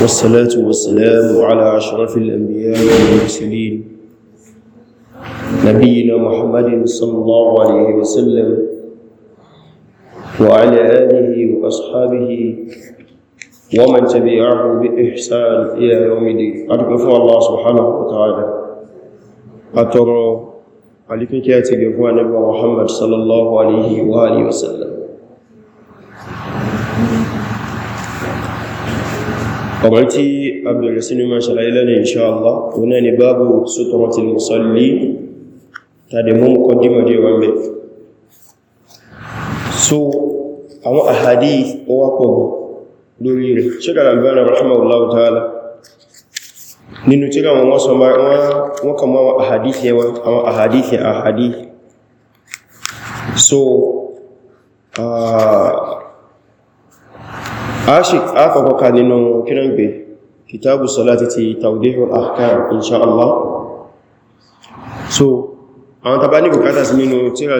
والصلاة والسلام على أشرف الأنبياء والمرسلين نبينا محمد صلى الله عليه وسلم وعلى آله وأصحابه ومن تبعه بإحسان إلى يوم الدين أتقفوا الله سبحانه وتعالى أترى عليكم كاتب يفوى نبي محمد صلى الله عليه وآله وسلم ọ̀rọ̀ tí a bẹ̀rẹ̀ sínú máa ṣàlàyé lẹ́nà inṣáàlá wọn ni báàbù suturatil musalli tàbí mú kọ dímọ̀dé wọn bẹ̀ so àwọn àhàdí ó wá pọ̀gbọ̀ lórí rẹ̀ ṣíkà Albani rahimahullahu ta'ala nínú tí ra wọn sọ wọn kà so uh, ashik afọ̀kọ́ka nínú kíràngbé kitabu salati ti tawdihul ahkam insha Allah so àwọn tàbá ní bukata sí nínú tíra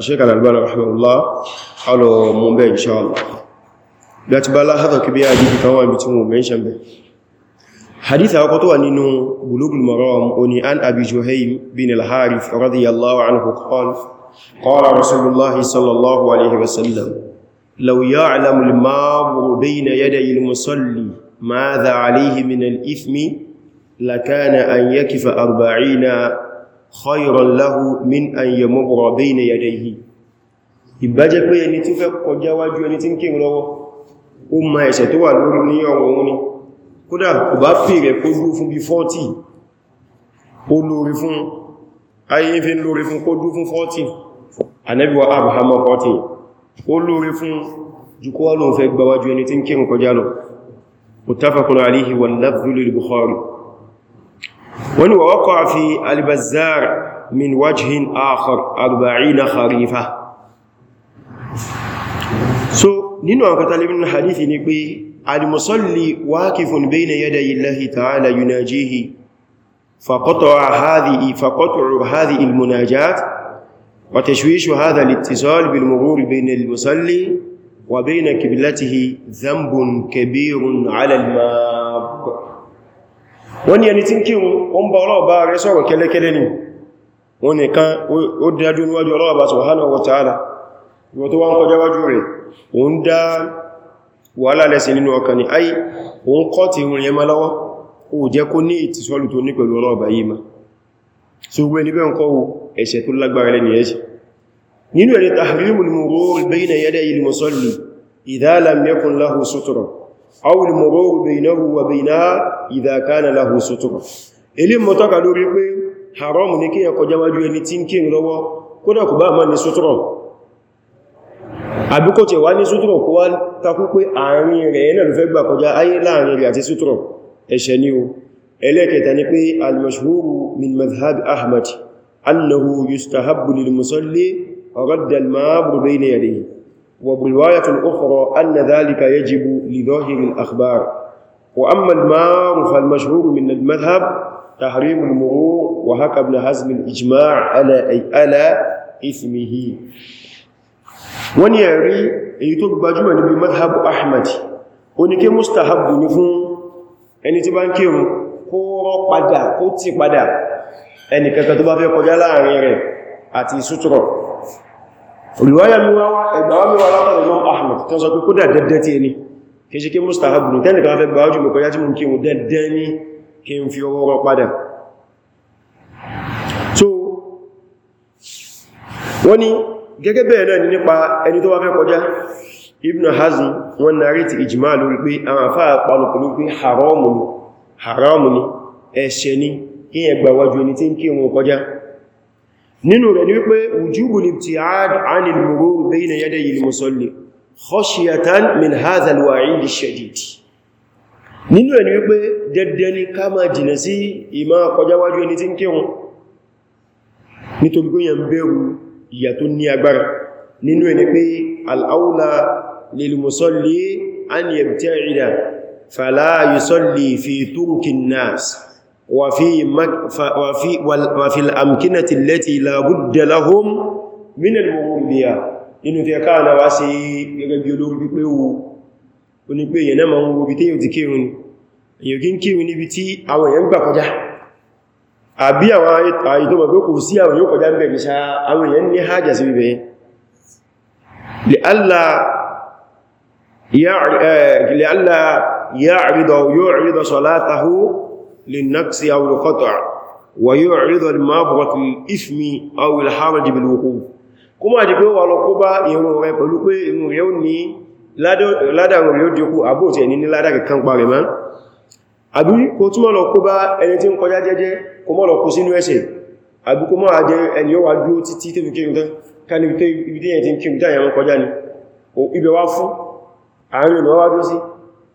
sheik al-albani rahimahullah alọ mú bẹ́ insha Allah bí a ti bá láhàtọ̀ kí bí a jí kan wà tí mo mẹ́ṣẹ́ bẹ́ hadith àwọn tó wà nínú bulugul maram oní an abi juhaym bin al-harith radiyallahu anhu qala qala sallallahu alaihi wasallam لو يعلم المار بين يدي المصلي ماذا عليه من الإثم لكان أن يكف أربعين خيرا له من أن يمر بين يديه ìbájẹ́ pé ẹni tí fẹ́ kọjá wájú ẹni tí ń kí lọ́wọ́ ó ma ẹ̀ṣẹ̀ tó wà lórí ní ọ̀rọ̀ òun ni kódà kò bá fi rẹ̀ kó dú fún bí 40 ó lórí fún ayé fi lórí fún kó dú fún 40 anẹ́bíwa abrahama ó lórí fún jùkú wà lóun fẹ́ gbáwájú ẹni tí ń kírùn kọjá lọ muttafaqun alayhi wal lafzu lil bukhari wani wa waqa'a fi al-bazzar min wajhin akhar arba'ina kharifa so nínú àwọn katalibin hadithi ni pé al-musalli waqifun bayna yaday Allahi ta'ala yunajihi faqata'a hadhihi faqata'u وتشويش هذا الاتصال بالمرور بين المصلي وبين كبلته ذنب كبير على الماب wọ́n ni ẹni tí ń kírun ó ń bá ọlọ́ọ̀bá rẹ̀ sọ̀rọ̀ kẹ́lẹ́kẹ́lẹ́ ni wọ́n ni kan ó dájú níwájú ọlọ́ọ̀bá subhanahu wa ta'ala wọ́n tó wá ń kọjá wájú rẹ̀ ó ń dá wàhálà lẹ́sì nínú ọkàn ni ai ó ń kọ́ ti rìn ẹmọ́ lọ́wọ́ ó jẹ́ kó ní ìtìsọ́lù tó ní pẹ̀lú ọlọ́ọ̀bá yìí máa so gbé níbẹ̀ ń kọ́wọ́ ẹ̀ṣẹ̀ tó lágbára lẹ́ni ẹ̀ṣẹ̀ nínú ẹ̀rẹ́ tahrimul murur bayna yaday al-musalli idha lam yakun lahu sutura aw al-murur baynahu wa baynaha idha kana lahu sutura ilé mọ́tọ́ka lórí pé haram ní kíyàn kọjá wájú ẹni tí ń kíyàn lọ́wọ́ kódà kò bá má ní sutura àbí kò tẹ̀ wá ní sutura kó wá takú pé àárín rẹ̀ náà ló fẹ́ gbà kọjá ayé láàrin rẹ̀ àti sutura ẹ̀ṣẹ̀ ni o eléke ta ni pe almashuru min mazhab ahmad annahu yustahabbu lil musalli radda al-ma'bur bayna yadayhi wa riwayat ukhra anna dhalika yajibu li dhahir al-akhbar wa amma al-ma'r fa al-mashhur min al-madhhab tahrim al-murur wa haka ibn hazm al-ijma' ala ay ala ismihi wani yari èyí tó gbajúmọ̀ bi madhhab ahmad oni ke kí mustahabbu ni fún ẹni tí bá ń kírun kó rọ́ padà kó tì padà ẹnìkankan tó bá fẹ́ kọjá láàrin rẹ̀ àti sútúrọ̀ olùwáyà miwáwá ẹgbàwá Ahmad tán sọ pé kó dà dẹ́dẹ́ tí ẹni mustahab ní tẹ́nìkan fẹ́ gbáwájú mọ̀ kọjá tí mú kí mú dẹ́dẹ́ ní kí n wọ́n ni gẹ́gẹ́ bẹ́ẹ̀ náà nípa ẹni tó wá fẹ́ kọjá Ibn Hazm wọ́n narí ti ijma lórí pé àwọn àfáà pàlùkù lórí pé haramu haram ni ẹ̀ṣẹ̀ ni kí yẹn gba wájú ẹni tí ń kí wọn kọjá nínú rẹ̀ ni wípé wujubu libti'ad 'anil murur bayna yaday al-musalli khashiyatan min hadha al-wa'id ash-shadid nínú rẹ̀ ni wípé dẹ̀dẹ̀ ni ká máa jìnà sí فلا يصلي في ترك الناس وفي, مك وفي, وفي الأمكنة التي لا بد لهم من المرور بها inú fi ẹ̀ká ànàwà sí gẹ́gẹ́ bí olórin pípé owó onípé èyàn náà ma ń wo bí tí yíò ti kírun ní èyàn níbi tí àwọn èyàn gbà kọjá àbí àwọn ààyè tó kò sí àwọn yóò kọjá ń bẹ̀rẹ̀ sá àwọn èyàn ní hajjá sí ibẹ̀ yẹn يعرض صلاته للنقص أو القطع ويعرض المبرك الإثم أو الحرج pé wa lo ko ba rẹ̀ pẹ̀lú pé ìrun rẹ̀ ó ní lada yóò wá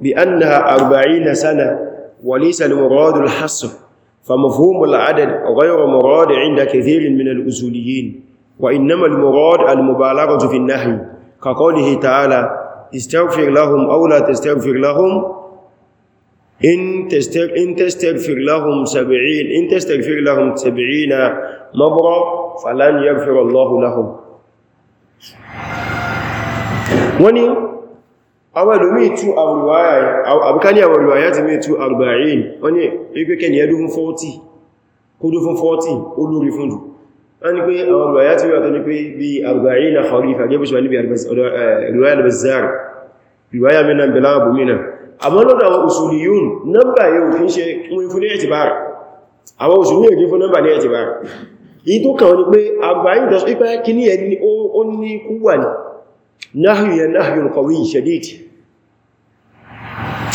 بأنها أربعين سنة وليس المراد الحصر فمفهوم العدد غير مراد عند كثير من الأصوليين وإنما المراد المبالغة في النهي كقوله تعالى استغفر لهم أو لا تستغفر لهم إن تستغفر, إن تستغفر لهم سبعين إن تستغفر لهم سبعين مبرة فلن يغفر الله لهم وني àwọn ìlú míì tú àbúká ní àwọn ìrìwáyá ti mẹ́ tú àrùbàáyìn wọ́n ní wípé kẹ́ ni ẹdú fún 40 kó dó fún 40 olórí fún jù wọ́n ní pé àwọn ìrìwáyá ti wíwàtọ́ ní pé bí àrùbàáyìn na kharifa gẹ́bùsùwà níbi ìrìwáyà al-Bazzar ìrìwáyà mẹ́nà bẹ̀lá àbúmínà àmọ́ lọ́dọ̀ àwọn usuliyun nọ́mbà fi ń ṣe wọn ni pé àgbà yìí tọ́sí pípẹ́ nahyu ya nahyu qawi shadid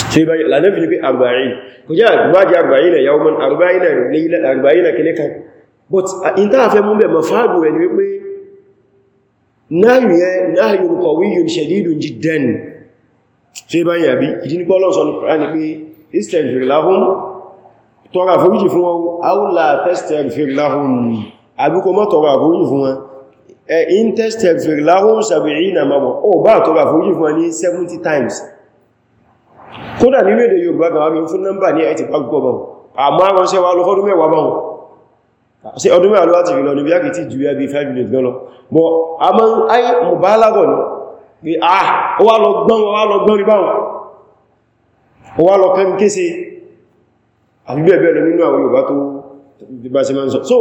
sai bai lanabi bi 40 ko ja ba ja 40 yawman 40 layla but in ta fẹ́ mú be mafadu ẹni pé nahyu ya nahyu qawi shadid jiddan sai bai yabi idin ko lon so ni qur'ani pé istaghfir lahum tọrọ àforíjì fún in tastagfir lahum sab'ina marra ó bá tọrọ àforíjì fún ní 70 times kódà nínú èdè Yorùbá gan wá bí fún nọ́mbà ní ẹ̀tì pàgbọ́ bọ̀ àmọ́ àwọn ṣe wá lọ́dún mẹ́wàá bọ̀ sí ọdún mẹ́wàá láti rí lọ níbi yàkì tí jùlọ bí 5 minutes gan lọ bọ̀ a mọ́ ayé mọ̀ bá lágọ̀ ní pé ah wà lọ gbọ́n wà lọ gbọ́n rí báwọn wà lọ kẹ́ kése àbíbẹ̀ẹ̀bẹ̀ lọ nínú àwọn Yorùbá tó bá ṣe máa ń sọ so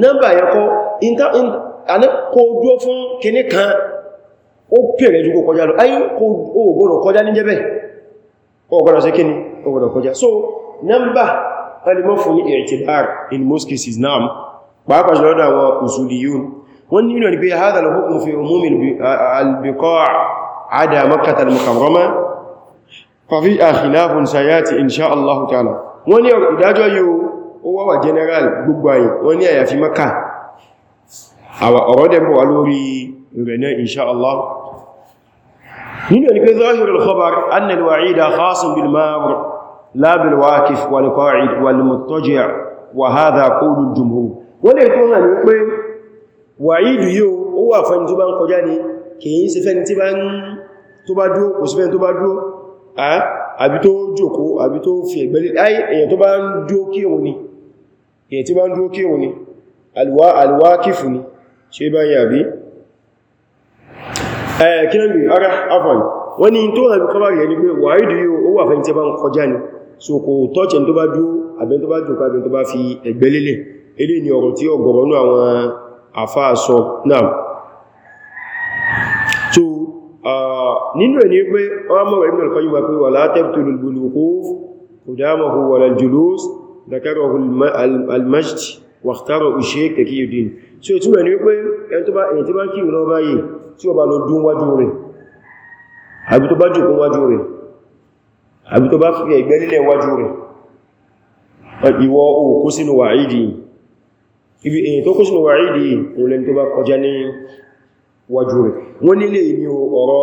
nọ́mbà yẹn kọ́ àní kò dúó fún kìní kan ó pèrè jù kò kọjá lọ ayé kò gbọ́dọ̀ kọjá ní jẹ́bẹ̀ ó sí kìní ó kọjá so number alimọ́ fún ní i'tibar in most cases now pàápàá jùlọ da wọn usuliyun wọ́n nílò ní pé hadha al-hukm fi umumi al-biqa' ada makkah al-mukarrama fa fi khilafun sayati insha Allah ta'ala wọ́n ní ìdájọ́ yìí ó àwà ọ̀rọ̀ dẹ̀ bọ̀ wá lórí rẹ̀ náà inṣá Allah nínú ni pé zahirul khabar anna al-wa'ida khasun bil ma'mur la bil waqif wal qa'id wal muttaji' wa hadha qawlul jumhur wọ́n lè tó hàn ní pé wàídù yíò ó wà fẹ́ni tó bá ń kọjá ní kìí sí fẹ́ni tí bá dúó tó bá dúó àbí tó jókòó ni ṣe bá yà bí kílẹ̀mì ara afon wọ́n ni tó rẹ̀ kọ́bà rẹ̀ ní pé wàárí dìí ó wà fẹ́ tí bá ń kọjá ni so kò tọ́ọ̀kẹ́ tó bá dúó àbẹ́ tó bá jùkú àbẹ́ tó bá fi ẹgbẹ́ lélẹ̀ elé ni ọ̀rọ̀ tí ọgọ̀rọ̀ ní àwọn àfáàsọ náà so nínú ẹ̀ wàtàrọ̀ ìṣẹ́ kẹkí yìí dín tí ó túnmẹ̀ ní wípé ẹni tí bá kí ìrìnà bá yìí tí ó bá lọ dún wájú rẹ̀ àbí tó bá jùkún wájú rẹ̀ àbí tó bá fi ẹgbẹ́ nílẹ̀ wájú rẹ̀ ìwọ òkú sínú wàídì ọ̀rọ̀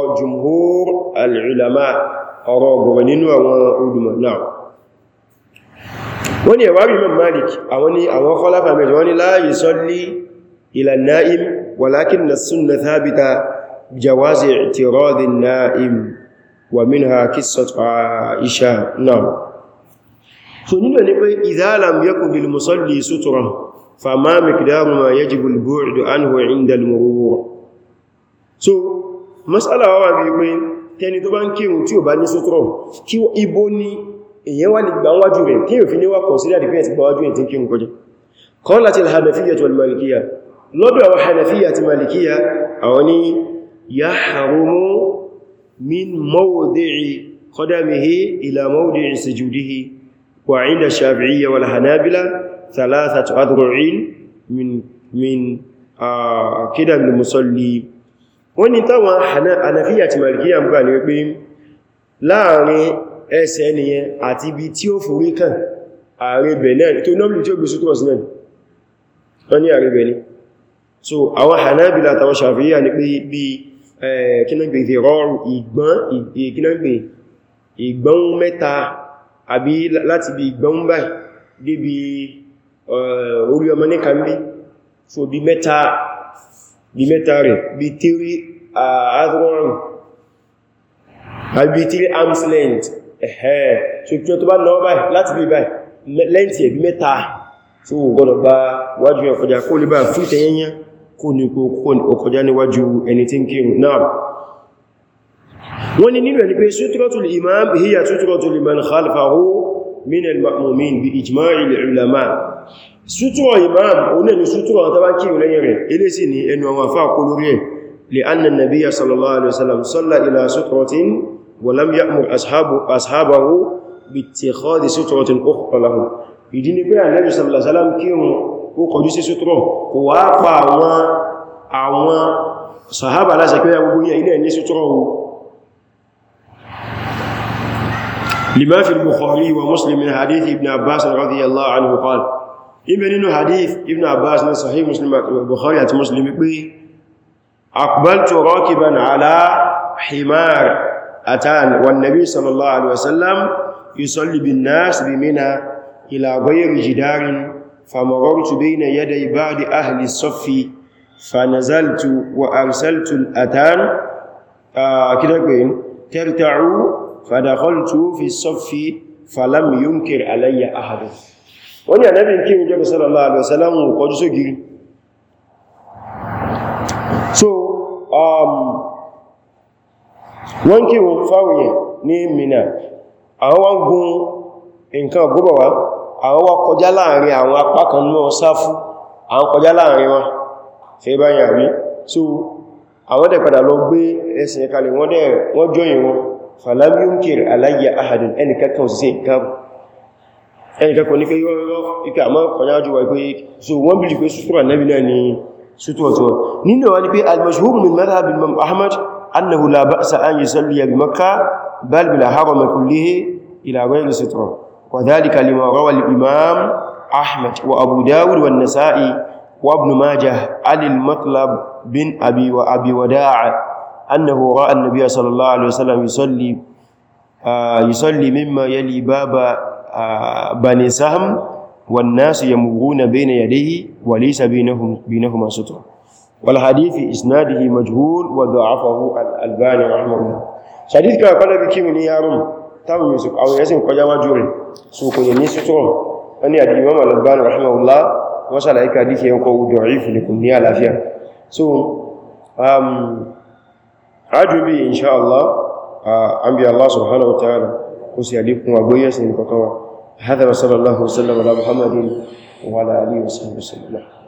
jumhur nínú àwọn olùmọ̀ náà wọ́n ni ẹ̀wà Imam Malik àwọn ni àwọn kọláfà mẹ́jọ wọ́n ni la yusalli ila an-na'im walakinna as-sunnah thabita jawazi i'tiradi an-na'im wa minha qissatu Aisha náà so nínú ní pé idha lam yakun so mas'ala wa bí pé tẹni tó bá ń kírun tí ibo ni èyẹ wà ní gbàwájú rẹ̀ tí òfin níwà consider the parents gbàwájú ẹ̀ tí kí n kọjá qalat al-hanafiyya wal malikiyya lọ́dọ̀ àwọn hanafiyya àti malikiyya àwọn ni yahrumu min mawdi'i qadamihi ila mawdi'i sujudihi wa 'inda shafi'iyya wal hanabila thalathatu adru'in min min láàrin ẹsẹ̀ ẹniyẹn àti ibi tí ó forí kàn ààrẹ bẹ̀ náà tó nọ́bìlì tí ó gbé sútúmọ̀ sí náà wọ́n ní ààrẹ bẹ̀ ní so àwọn Hanabila àtàwọn Shafi'iyya ní pé bí kínágbé ìrọrù ìgbọ́n ìkínágbé ìgbọ́n mẹ́ta àbí láti bí ìgbọ́n báyìí débi orí ọmọ ní kàmbí so bí mẹ́ta bí mẹ́ta rẹ̀ bí tírí àádọ́rùn-ún àbí tírí arms length ẹ̀hẹ́ so kí o tó bá náwó báyìí láti bí báyìí lẹ́ntì ẹ̀bí mẹ́ta tí ó gbọ́nà gba wájú ọkọjá kó lè bá fún ìtẹ̀yẹnyẹ kó ní ọkọjá níwájú ẹni tí ń kírun náà wọ́n ni nínú ẹni pé sutratul imam hiya sutratul liman khalfahu min al imam oní ni sutura ta bá kí o lẹ́yìn rẹ̀ ilé sí ni ẹnu àwọn afá kó lórí ẹ̀ ولم يأمر أصحابه, أصحابه باتخاذ سترة أخرى لهم ìdí ni pé àlẹ́bì sàmìlà sálám kí wọn ó kọjú sí sútúrọ̀ kò wá pa àwọn àwọn sàhábà láti pé agbogbo yẹ ilẹ̀ ní sútúrọ̀ o lima fi Bukhari wa Muslim min hadith ibn Abbas radiyallahu anhu qala ibẹ̀ nínú hadith ibn Abbas na sahih Muslim Bukhari àti Muslim pé aqbaltu rakiban ala himar أتان والنبي صلى الله عليه وسلم يصلي بالناس بمنى إلى غير جدار فمررت بين يدي بعض أهل الصف فنزلت وأرسلت الأتان آه كده كوين ترتع فدخلت في الصف فلم ينكر علي أحد wọ́n yà nẹ́bí kí ìjọba sallallahu alaihi wasallam kọjú sógiri so um, wọ́n kí wọ́n fáwòyẹ̀ ní Mina àwọn wọ́n gùn nǹkan gbọ́bọ̀ wá àwọn wọ́n kọjá láàrin àwọn apá kan náà sáfú àwọn kọjá láàrin wọn ṣe bá yà rí so àwọn dẹ̀ padà lọ gbé ẹsẹ̀ kalẹ̀ wọ́n dẹ̀ wọ́n jọyìn wọn falam yunkir alayya ahadun أنه لا بأس أن يصلي بمكة بل بلا حرم كله إلى غير سترة وذلك لما روى الإمام أحمد وأبو داود والنسائي وابن ماجه عن المطلب بن أبي وأبي وداع أنه رأى النبي صلى الله عليه وسلم يصلي آه، يصلي مما يلي باب آه، بني سهم والناس يمرون بين يديه وليس بينهم بينهما سترة والحديث إسناده مجهول وضعفه الألباني رحمه الله حديث كما قال بكي من يارم تاو يوسف أو يسم قجا وجور سوكو ينيس ترم أني أدي إمام الألباني رحمه الله وصل إيك حديث ينقو ضعيف لكم نيا لافيا سو أم عجبي إن شاء الله أنبي الله سبحانه وتعالى قصي عليكم أبويا سنين هذا وصلى الله وسلم على محمد وعلى آله وصحبه وسلم